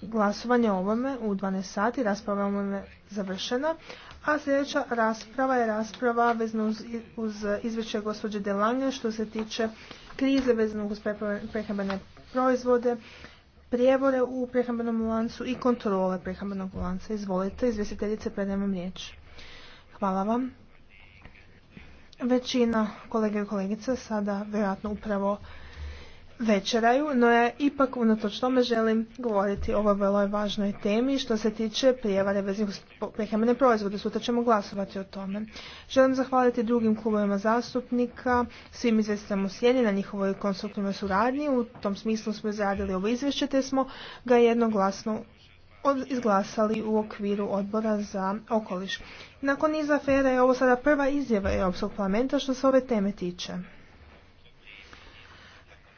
glasovanje o ovome u 12 sati, rasprava o ovome završena. A sljedeća rasprava je rasprava vezno uz, uz izvješće gospođe Delanja što se tiče krize vezano uz prehrambene proizvode, prijevore u prehrambenom lancu i kontrole prehrambenog lanca. Izvolite, izvjestiteljice, predajem vam riječ. Hvala vam. Većina kolega i kolegica sada vjerojatno upravo večeraju, no ja ipak unatoč tome želim govoriti o ovoj vrlo važnoj temi što se tiče prijevare veznih prehrambene proizvode. Sutra ćemo glasovati o tome. Želim zahvaliti drugim klubovima zastupnika, svim izvjestiteljem u sjeni na njihovoj konstruktivnoj suradnji. U tom smislu smo izradili ovo izvješće te smo ga jednoglasno izglasali u okviru odbora za okoliš. Nakon niza afera je ovo sada prva izjava Europskog parlamenta što se ove teme tiče.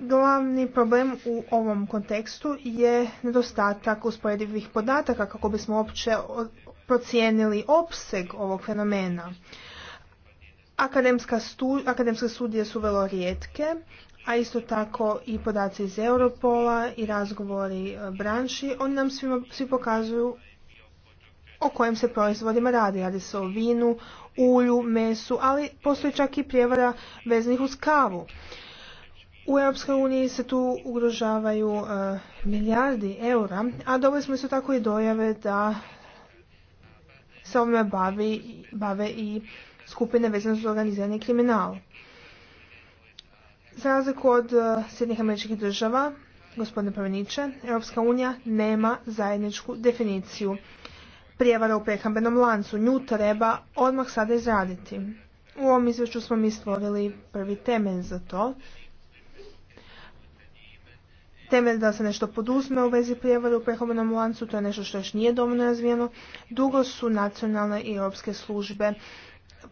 Glavni problem u ovom kontekstu je nedostatak usporedivih podataka kako bismo uopće procijenili opseg ovog fenomena. akademske studije su vrlo rijetke, a isto tako i podaci iz Europola i razgovori e, branši, oni nam svima, svi pokazuju o kojim se proizvodima radi. Radi se o vinu, ulju, mesu, ali postoji čak i prijevara veznih uz kavu. U EU se tu ugrožavaju e, milijardi eura, a dobili smo isto tako i dojave da se ovime bave i skupine vezane za organizirani kriminal. Za razliku od e, Sjednih američkih država, gospodine praveniče, Europska unija nema zajedničku definiciju prijevara u prehrambenom lancu. Nju treba odmah sada izraditi. U ovom izvješću smo mi stvorili prvi temelj za to temelj da se nešto poduzme u vezi prijevare u prehrambenom lancu, to je nešto što još nije dovoljno razvijeno. Dugo su nacionalne i europske službe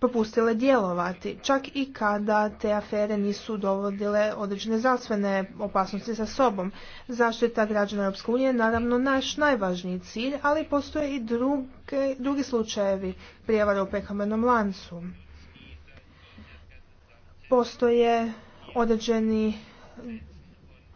propustile djelovati, čak i kada te afere nisu dovodile određene zdravstvene opasnosti sa sobom. Zaštita građana Europske unije je naravno naš najvažniji cilj, ali postoje i drugi slučajevi prijevara u prehrambenom lancu. Postoje određeni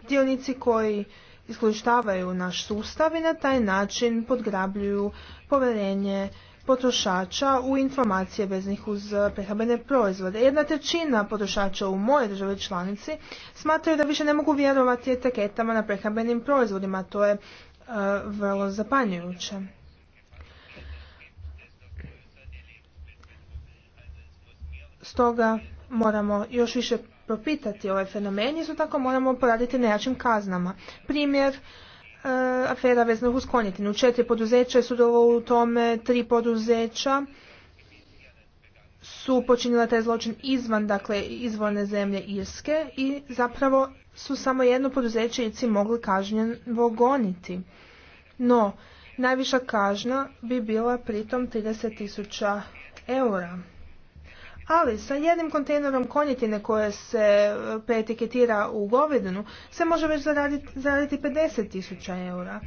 dionici koji iskorištavaju naš sustav i na taj način podgrabljuju povjerenje potrošača u informacije veznih uz prehrambene proizvode. Jedna trećina potrošača u moje državi članici smatraju da više ne mogu vjerovati etiketama na prehrambenim proizvodima. To je e, vrlo zapanjujuće. Stoga moramo još više propitati ovaj fenomen i su tako moramo poraditi na jačim kaznama. Primjer, e, afera vezna uz konjetinu. Četiri poduzeća je sudjelovalo u tome, tri poduzeća su počinila taj zločin izvan, dakle, izvorne zemlje Irske i zapravo su samo jedno poduzeće ici mogli kažnjeno goniti. No, najviša kažna bi bila pritom 30.000 tisuća eura. Ali sa jednim kontejnerom konjetine koje se e, preetiketira u govedinu se može već zaraditi, zaraditi tisuća eura.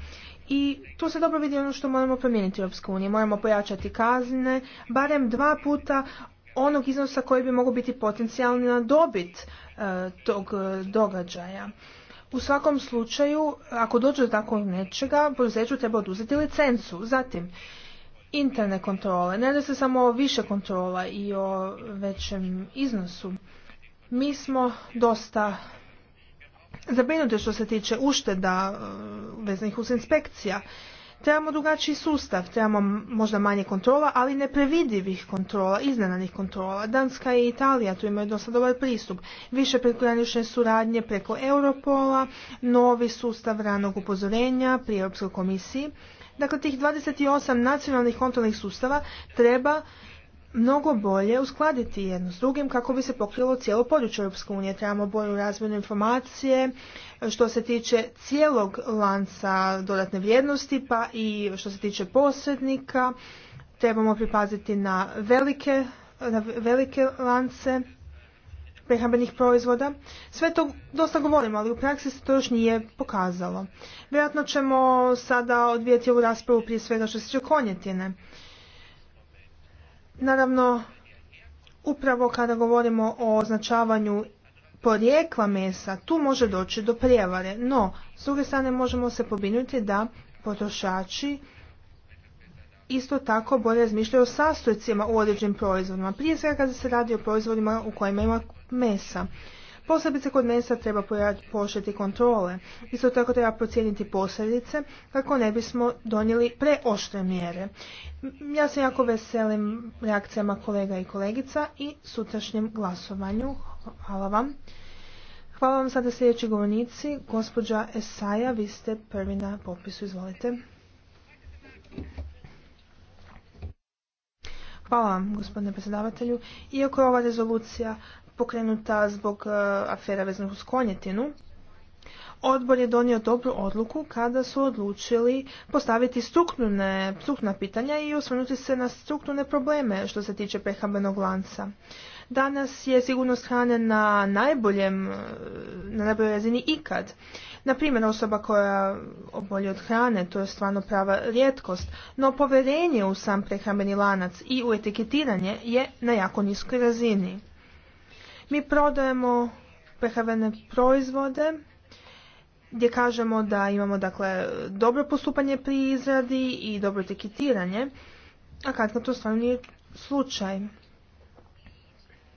I tu se dobro vidi ono što moramo promijeniti u EU, Moramo pojačati kazne, barem dva puta onog iznosa koji bi mogao biti potencijalna dobit e, tog e, događaja. U svakom slučaju, ako dođe do takvog nečega, poduzeću treba oduzeti licencu. Zatim, interne kontrole. Ne radi se samo o više kontrola i o većem iznosu. Mi smo dosta zabrinuti što se tiče ušteda e, veznih uz inspekcija. Trebamo drugačiji sustav, trebamo možda manje kontrola, ali neprevidivih kontrola, iznenanih kontrola. Danska i Italija tu imaju dosta dobar pristup. Više prekogranične suradnje preko Europola, novi sustav ranog upozorenja pri Europskoj komisiji Dakle, tih 28 nacionalnih kontrolnih sustava treba mnogo bolje uskladiti jedno s drugim kako bi se pokrilo cijelo područje Europske unije. Trebamo bolju razmjenu informacije što se tiče cijelog lanca dodatne vrijednosti pa i što se tiče posrednika. Trebamo pripaziti na na velike lance prehrambenih proizvoda. Sve to dosta govorimo, ali u praksi se to još nije pokazalo. Vjerojatno ćemo sada odvijeti ovu raspravu prije svega što se tiče konjetine. Naravno, upravo kada govorimo o označavanju porijekla mesa, tu može doći do prijevare, no s druge strane možemo se pobinuti da potrošači isto tako bolje razmišljaju o sastojcima u određenim proizvodima, prije svega kada se radi o proizvodima u kojima ima mesa. Posebice kod mesa treba pošeti kontrole. Isto tako treba procijeniti posljedice kako ne bismo donijeli preoštre mjere. Ja se jako veselim reakcijama kolega i kolegica i sutrašnjem glasovanju. Hvala vam. Hvala vam sada sljedeći govornici. Gospođa Esaja, vi ste prvi na popisu. Izvolite. Hvala vam, gospodine predsjedavatelju. Iako je ova rezolucija pokrenuta zbog e, afera vezano uz konjetinu, odbor je donio dobru odluku kada su odlučili postaviti strukturne, strukturna pitanja i osvrnuti se na strukturne probleme što se tiče prehrambenog lanca. Danas je sigurnost hrane na najboljem, e, na najboljoj razini ikad Naprimjer, osoba koja obolje od hrane, to je stvarno prava rijetkost, no povjerenje u sam prehrambeni lanac i u etiketiranje je na jako niskoj razini. Mi prodajemo prehrambene proizvode gdje kažemo da imamo dakle dobro postupanje pri izradi i dobro etiketiranje, a kad to stvarno nije slučaj.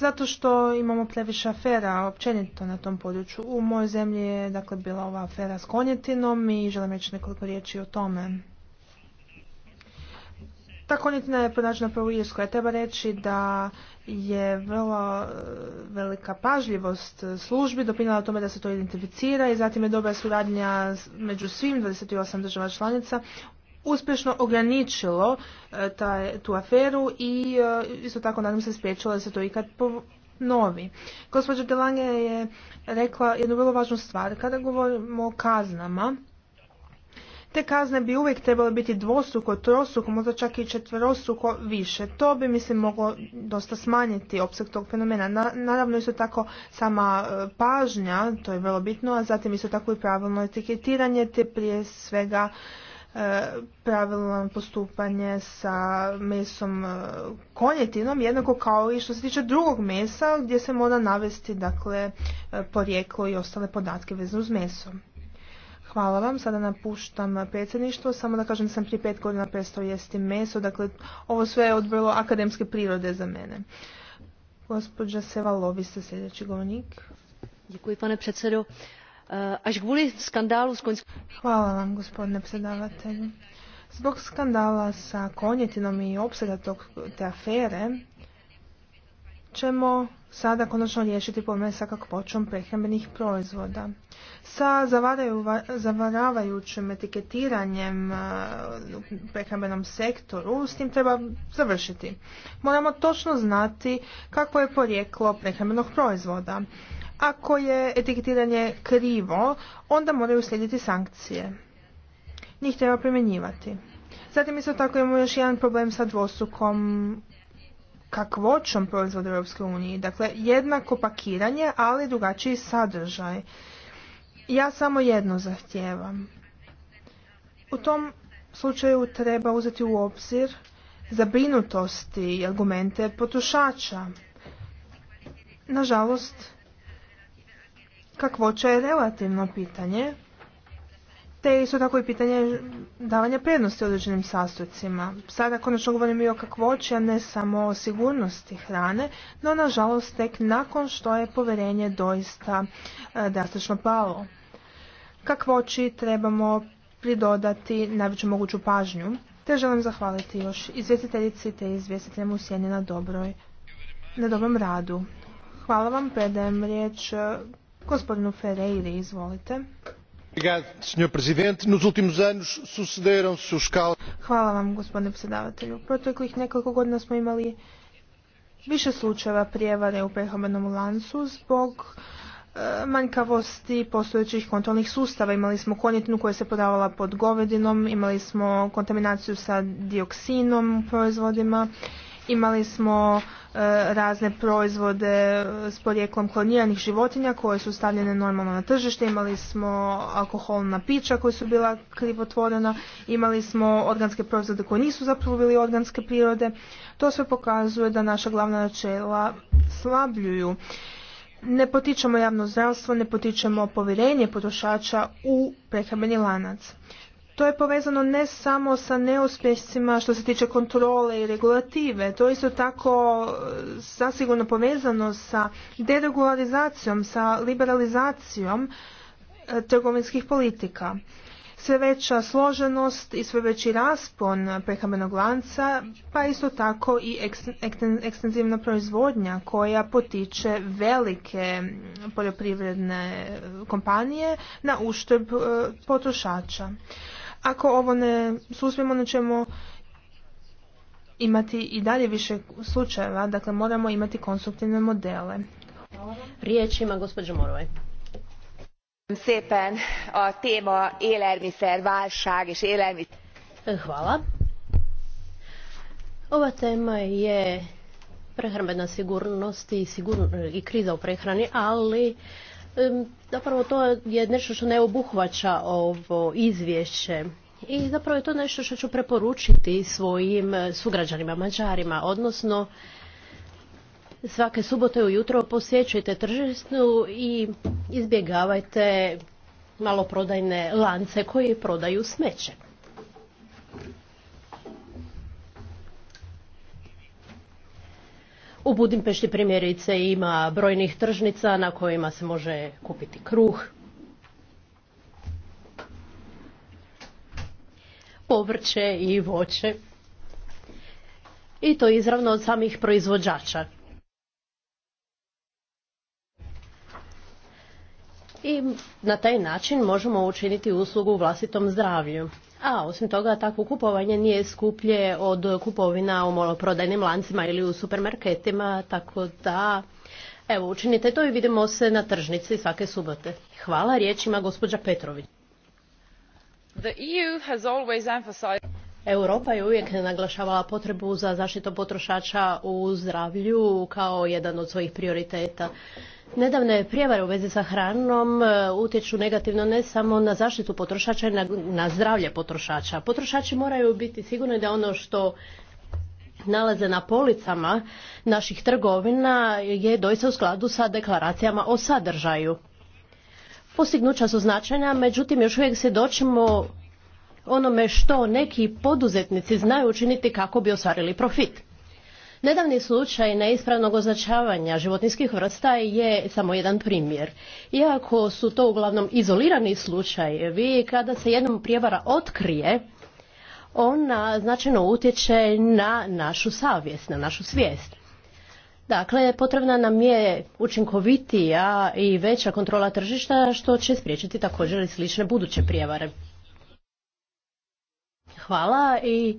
zato što imamo previše afera općenito na tom području. U mojoj zemlji je dakle bila ova afera s konjetinom i želim reći nekoliko riječi o tome. Ta konjetina je pronađena prvo u Irskoj. Treba reći da je vrlo e, velika pažljivost službi o tome da se to identificira i zatim je dobra suradnja među svim 28 država članica uspješno ograničilo e, tu aferu i e, isto tako nadam se spriječilo da se to ikad novi. Gospođa Delange je rekla jednu vrlo važnu stvar. Kada govorimo o kaznama, te kazne bi uvijek trebale biti dvostruko, trostruko, možda čak i četvrostruko više. To bi, mislim, moglo dosta smanjiti opseg tog fenomena. naravno, isto tako sama e, pažnja, to je vrlo bitno, a zatim isto tako i pravilno etiketiranje, te prije svega E, pravilno postupanje sa mesom e, konjetinom, jednako kao i što se tiče drugog mesa gdje se mora navesti dakle, e, porijeklo i ostale podatke vezano uz meso. Hvala vam, sada napuštam predsjedništvo, samo da kažem da sam prije pet godina prestao jesti meso, dakle ovo sve je odbralo akademske prirode za mene. Gospođa Seva Lovi sljedeći govornik. Děkuji, pane předsedo. Eh, s Hvala vam, gospodine predsjedavatelju Zbog skandala sa konjetinom i opsega tog, te afere, ćemo sada konačno riješiti pomesa sa kakvoćom prehrambenih proizvoda. Sa zavaravajućim etiketiranjem eh, u prehrambenom sektoru s tim treba završiti. Moramo točno znati kako je porijeklo prehrambenog proizvoda. Ako je etiketiranje krivo, onda moraju uslijediti sankcije. Njih treba primjenjivati. Zatim isto tako imamo još jedan problem sa dvostrukom kakvoćom proizvoda u eu Dakle, jednako pakiranje, ali drugačiji sadržaj. Ja samo jedno zahtijevam. U tom slučaju treba uzeti u obzir zabrinutosti i argumente potrošača. Nažalost, kakvoća je relativno pitanje, te isto tako i pitanje davanja prednosti određenim sastojcima. Sada konačno govorim i o kakvoći, a ne samo o sigurnosti hrane, no nažalost tek nakon što je poverenje doista e, drastično palo. Kakvoći trebamo pridodati najveću moguću pažnju, te želim zahvaliti još izvjestiteljici te izvjestiteljem u Sjeni na, na dobrom radu. Hvala vam, predajem riječ e, Gospodinu Ferreiri, izvolite. Hvala vam, gospodine predsjedavatelju. Proteklih nekoliko godina smo imali više slučajeva prijevare u prehrambenom lancu zbog e, manjkavosti postojećih kontrolnih sustava. Imali smo konjetinu koja se podavala pod govedinom, imali smo kontaminaciju sa dioksinom u proizvodima Imali smo e, razne proizvode e, s porijeklom kloniranih životinja koje su stavljene normalno na tržište, imali smo alkoholna pića koja su bila krivotvorena, imali smo organske proizvode koji nisu zapravo organske prirode. To sve pokazuje da naša glavna načela slabljuju. Ne potičemo javno zdravstvo, ne potičemo povjerenje potrošača u prehrambeni lanac. To je povezano ne samo sa neuspjesima što se tiče kontrole i regulative, to je isto tako e, zasigurno povezano sa deregularizacijom, sa liberalizacijom e, trgovinskih politika. Sve veća složenost i sve veći raspon prehrambenog lanca, pa isto tako i ekstenzivna proizvodnja koja potiče velike poljoprivredne kompanije na uštrb e, potrošača. Ako ovo ne suspijemo, onda ćemo imati i dalje više slučajeva, dakle moramo imati konstruktivne modele. Riječ ima gospođa Morovaj. Sjepen, a tema elermiser, és Hvala. Ova tema je prehrambena sigurnost i, sigurn... i kriza u prehrani, ali zapravo to je nešto što ne obuhvaća ovo izvješće. I zapravo je to nešto što ću preporučiti svojim e, sugrađanima Mađarima, odnosno svake subote ujutro posjećujte tržišnu i izbjegavajte maloprodajne lance koji prodaju smeće. U Budimpešti primjerice ima brojnih tržnica na kojima se može kupiti kruh, povrće i voće. I to izravno od samih proizvođača. I na taj način možemo učiniti uslugu vlastitom zdravlju. A osim toga, takvo kupovanje nije skuplje od kupovina u prodajnim lancima ili u supermarketima, tako da evo učinite to i vidimo se na tržnici svake subote. Hvala, riječima, gospođa Petrović. E Europa je uvijek naglašavala potrebu za zaštitu potrošača u zdravlju kao jedan od svojih prioriteta. Nedavne prijevare u vezi sa hranom e, utječu negativno ne samo na zaštitu potrošača, nego na zdravlje potrošača. Potrošači moraju biti sigurni da ono što nalaze na policama naših trgovina je doista u skladu sa deklaracijama o sadržaju. Postignuća su značajna, međutim još uvijek svjedočimo onome što neki poduzetnici znaju učiniti kako bi ostvarili profit. Nedavni slučaj neispravnog označavanja životinskih vrsta je samo jedan primjer. Iako su to uglavnom izolirani slučajevi, kada se jednom prijevara otkrije, ona značajno utječe na našu savjest, na našu svijest. Dakle, potrebna nam je učinkovitija i veća kontrola tržišta što će spriječiti također i slične buduće prijevare. Hvala i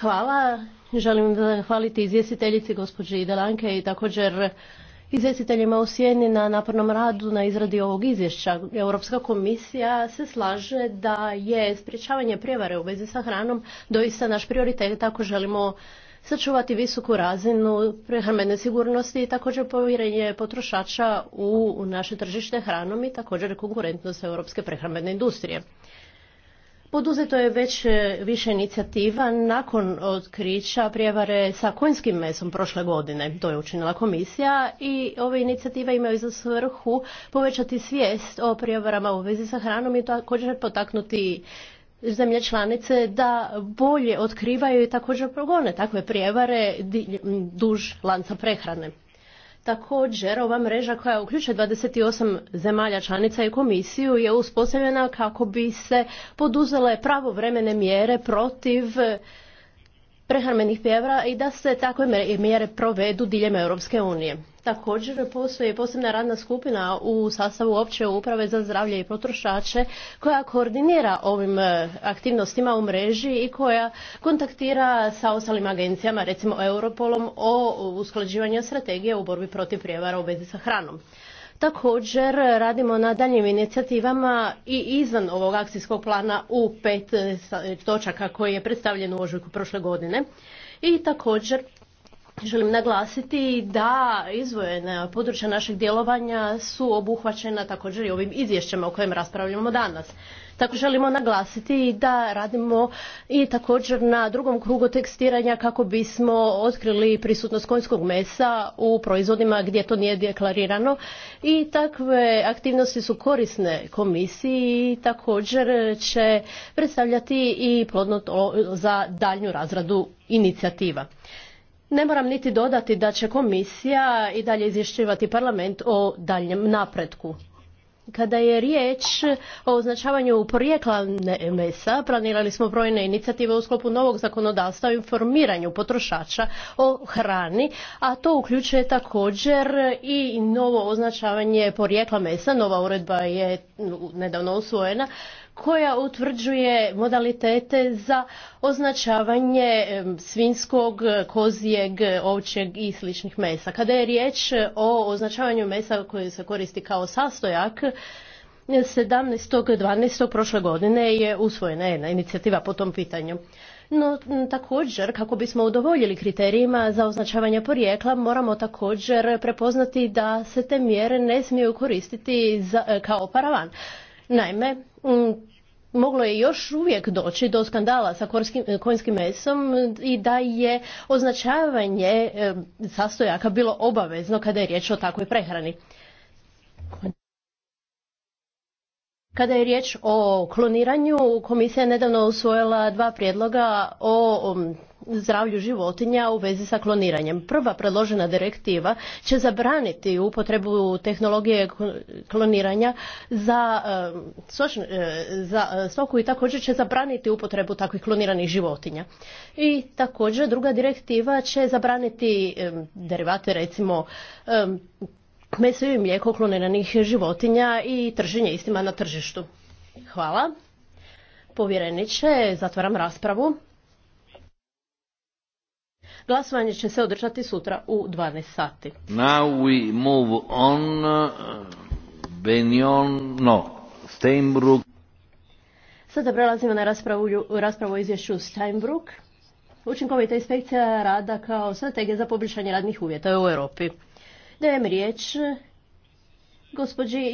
Hvala. Želim zahvaliti izvjestiteljici gospođi Delanke i također izvjestiteljima u Sjeni na napornom radu na izradi ovog izvješća. Europska komisija se slaže da je sprječavanje prijevare u vezi sa hranom doista naš prioritet tako želimo sačuvati visoku razinu prehrambene sigurnosti i također povjerenje potrošača u naše tržište hranom i također konkurentnost europske prehrambene industrije. Poduzeto je već e, više inicijativa nakon otkrića prijevare sa konjskim mesom prošle godine. To je učinila komisija i ove inicijative imaju za svrhu povećati svijest o prijevarama u vezi sa hranom i također potaknuti zemlje članice da bolje otkrivaju i također progone takve prijevare duž lanca prehrane. Također, ova mreža koja uključuje 28 zemalja članica i komisiju je uspostavljena kako bi se poduzele pravovremene mjere protiv prehrambenih pjevra i da se takve mjere provedu diljem Europske unije. Također postoji posebna radna skupina u sastavu opće uprave za zdravlje i potrošače koja koordinira ovim e, aktivnostima u mreži i koja kontaktira sa ostalim agencijama, recimo Europolom, o usklađivanju strategije u borbi protiv prijevara u vezi sa hranom. Također radimo na daljnjim inicijativama i izvan ovog akcijskog plana u pet točaka koji je predstavljen u ožujku prošle godine. I također Želim naglasiti da izvojena područja našeg djelovanja su obuhvaćena također i ovim izvješćama o kojem raspravljamo danas. Tako želimo naglasiti da radimo i također na drugom krugu tekstiranja kako bismo otkrili prisutnost konjskog mesa u proizvodima gdje to nije deklarirano i takve aktivnosti su korisne komisiji i također će predstavljati i plodno za daljnju razradu inicijativa. Ne moram niti dodati da će komisija i dalje izvješćivati parlament o daljem napretku. Kada je riječ o označavanju porijekla mesa, planirali smo brojne inicijative u sklopu novog zakonodavstva o informiranju potrošača o hrani, a to uključuje također i novo označavanje porijekla mesa. Nova uredba je nedavno usvojena koja utvrđuje modalitete za označavanje svinskog, kozijeg, ovčjeg i sličnih mesa. Kada je riječ o označavanju mesa koje se koristi kao sastojak, 17.12. prošle godine je usvojena jedna inicijativa po tom pitanju. No, također, kako bismo udovoljili kriterijima za označavanje porijekla, moramo također prepoznati da se te mjere ne smiju koristiti e, kao paravan. Naime, moglo je još uvijek doći do skandala sa e, konjskim mesom i da je označavanje e, sastojaka bilo obavezno kada je riječ o takvoj prehrani. Kada je riječ o kloniranju, komisija je nedavno usvojila dva prijedloga o zdravlju životinja u vezi sa kloniranjem. Prva predložena direktiva će zabraniti upotrebu tehnologije kloniranja za, e, e, e, stoku i također će zabraniti upotrebu takvih kloniranih životinja. I također druga direktiva će zabraniti derivate recimo meso i mlijeko kloniranih životinja i trženje istima na tržištu. Hvala. Povjereniče, zatvaram raspravu. Glasovanje će se održati sutra u 12 sati. Now we move on uh, Benjon, no, Steinbrück. Sada prelazimo na raspravu, raspravu o izvješću Steinbrück. Učinkovita inspekcija rada kao strategija za poboljšanje radnih uvjeta u Europi. Dajem riječ gospođi